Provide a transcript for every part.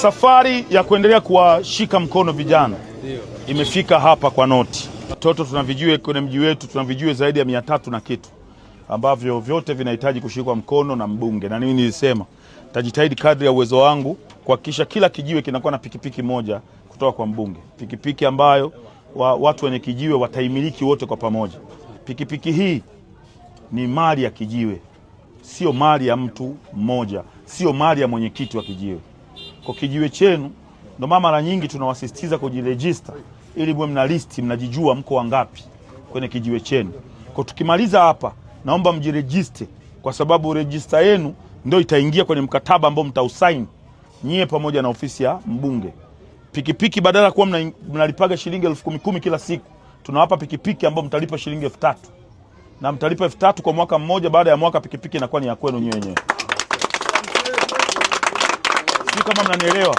Safari ya kuendelea kuwashika mkono vijana imefika hapa kwa noti. Watoto tunavijue kwenye mji wetu tunavijue zaidi ya mia tatu na kitu ambavyo vyote vinahitaji kushikwa mkono na mbunge, na mimi nilisema tajitahidi kadri ya uwezo wangu kuhakikisha kila kijiwe kinakuwa na pikipiki moja kutoka kwa mbunge, pikipiki ambayo wa, watu wenye kijiwe wataimiliki wote kwa pamoja. Pikipiki hii ni mali ya kijiwe, sio mali ya mtu mmoja, sio mali ya mwenyekiti wa kijiwe kwa kijiwe chenu. Ndio maana mara nyingi tunawasisitiza kujirejista ili mwe mna listi, mnajijua mko wangapi kwenye kijiwe chenu. Kwa tukimaliza hapa, naomba mjirejiste, kwa sababu rejista yenu ndio itaingia kwenye mkataba ambao mtausaini nyie pamoja na ofisi ya mbunge. Pikipiki badala ya kuwa mnalipaga shilingi elfu kumi kumi kila siku, tunawapa pikipiki ambao mtalipa shilingi elfu tatu na mtalipa elfu tatu kwa mwaka mmoja. Baada ya mwaka pikipiki inakuwa ni ya kwenu nyinyi wenyewe kama mnanielewa,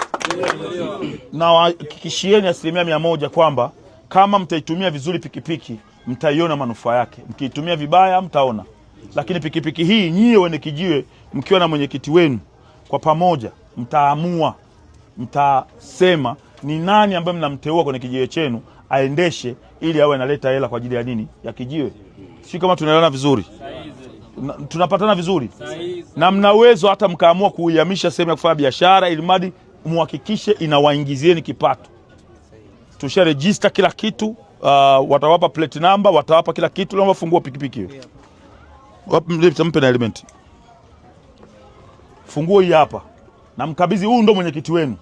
nawahakikishieni asilimia mia moja kwamba kama mtaitumia vizuri pikipiki mtaiona manufaa yake, mkiitumia vibaya mtaona. Lakini pikipiki hii nyie wene kijiwe, mkiwa na mwenyekiti wenu, kwa pamoja mtaamua, mtasema ni nani ambaye mnamteua kwenye kijiwe chenu aendeshe, ili awe analeta hela kwa ajili ya nini, ya kijiwe. Sio kama tunaelewana vizuri? Tunapatana vizuri? na mna uwezo hata mkaamua kuihamisha sehemu ya kufanya biashara, ili mradi muhakikishe inawaingizieni kipato. Tusharejista kila kitu uh, watawapa plate number, watawapa kila kitu. Naomba fungua pikipiki hiyo wapi, mpe na element funguo hii hapa, na mkabidhi. Huyu ndo mwenyekiti wenu,